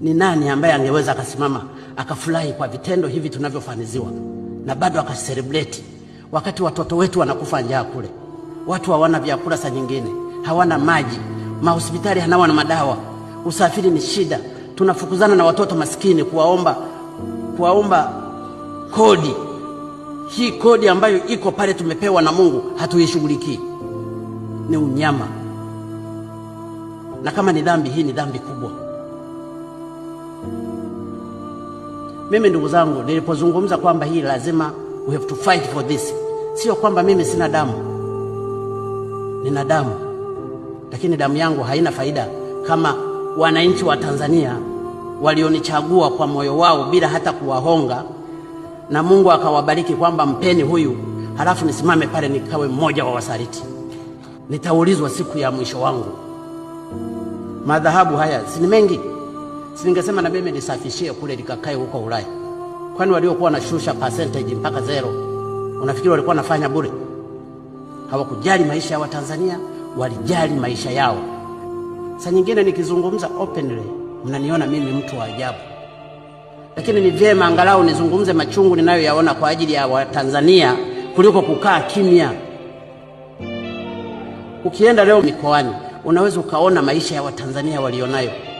Ni nani ambaye angeweza akasimama akafurahi kwa vitendo hivi tunavyofaniziwa na bado akaselebreti, wakati watoto wetu wanakufa njaa kule, watu hawana vyakula, saa nyingine hawana maji, mahospitali hanawa na madawa, usafiri ni shida, tunafukuzana na watoto masikini kuwaomba, kuwaomba kodi. Hii kodi ambayo iko pale tumepewa na Mungu hatuishughulikii, ni unyama, na kama ni dhambi, hii ni dhambi kubwa. Mimi ndugu zangu, nilipozungumza kwamba hii lazima we have to fight for this, sio kwamba mimi sina damu. Nina damu, lakini damu yangu haina faida kama wananchi wa Tanzania walionichagua kwa moyo wao bila hata kuwahonga, na Mungu akawabariki kwamba mpeni huyu, halafu nisimame pale nikawe mmoja wa wasaliti. Nitaulizwa siku ya mwisho wangu. Madhahabu haya si mengi. Singesema na mimi nisafishie kule likakae huko Ulaya? Kwani waliokuwa wanashusha percentage mpaka zero, unafikiri walikuwa wanafanya bure? Hawakujali maisha ya Watanzania, walijali maisha yao. Saa nyingine nikizungumza openly, mnaniona mimi mtu wa ajabu, lakini ni vyema angalau nizungumze machungu ninayoyaona kwa ajili ya Watanzania kuliko kukaa kimya. Ukienda leo mikoani, unaweza ukaona maisha ya Watanzania walionayo.